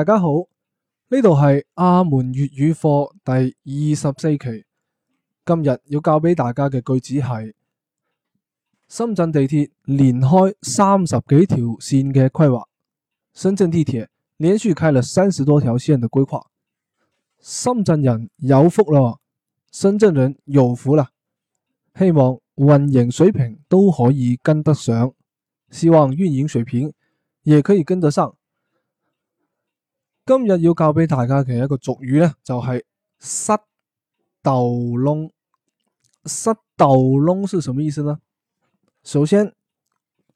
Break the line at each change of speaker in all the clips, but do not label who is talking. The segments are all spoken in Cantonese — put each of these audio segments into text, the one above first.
大家好，呢度係阿門粵語課第二十四期。今日要教俾大家嘅句子係：深圳地鐵連開三十幾條線嘅規劃，深圳地鐵連續開了三十多條線嘅規劃。深圳人有福咯，深圳人有福啦。希望運營水平都可以跟得上，希望運營水平也可以跟得上。今日要教俾大家嘅一個俗語呢，就係塞豆窿。塞豆窿是什麼意思呢？首先，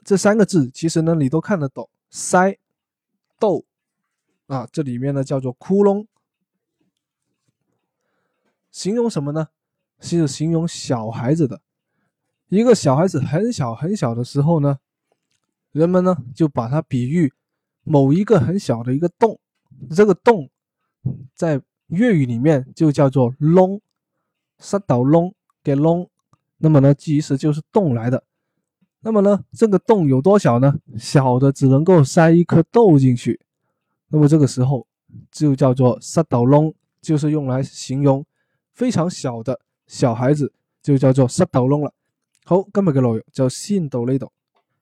這三個字其實呢，你都看得懂。塞豆啊，這裏面呢叫做窟窿，形容什麼呢？是形容小孩子的一個小孩子很小很小的時候呢，人們呢就把它比喻某一個很小的一個洞。這個洞在粵語裏面就叫做窿，塞豆窿，給窿。那麼呢，其實就是洞來的。那麼呢，這個洞有多小呢？小的只能夠塞一顆豆進去。那麼這個時候就叫做塞豆窿，就是用來形容非常小的小孩子，就叫做塞豆窿了。好，今日嘅內容，就先到呢度。